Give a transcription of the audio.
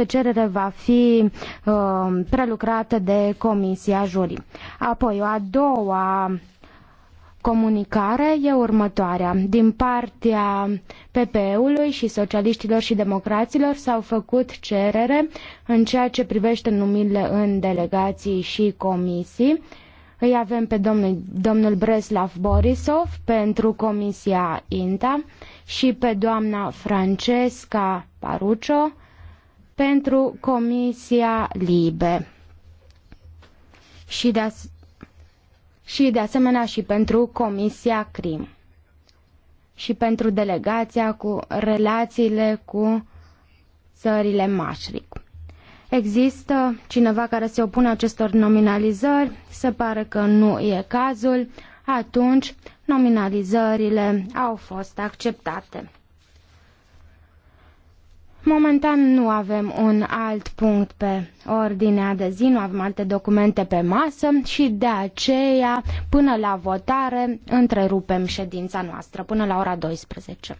Această cerere va fi uh, prelucrată de Comisia juri. Apoi, o a doua comunicare e următoarea. Din partea PPE-ului și socialiștilor și democraților s-au făcut cerere în ceea ce privește numirile în delegații și comisii. Îi avem pe domnul, domnul Breslav Borisov pentru Comisia INTA și pe doamna Francesca Parucio pentru Comisia Libe și de, as- și de asemenea și pentru Comisia CRIM și pentru delegația cu relațiile cu țările Mașric. Există cineva care se opune acestor nominalizări? Se pare că nu e cazul. Atunci, nominalizările au fost acceptate. Momentan nu avem un alt punct pe ordinea de zi, nu avem alte documente pe masă și de aceea, până la votare, întrerupem ședința noastră, până la ora 12.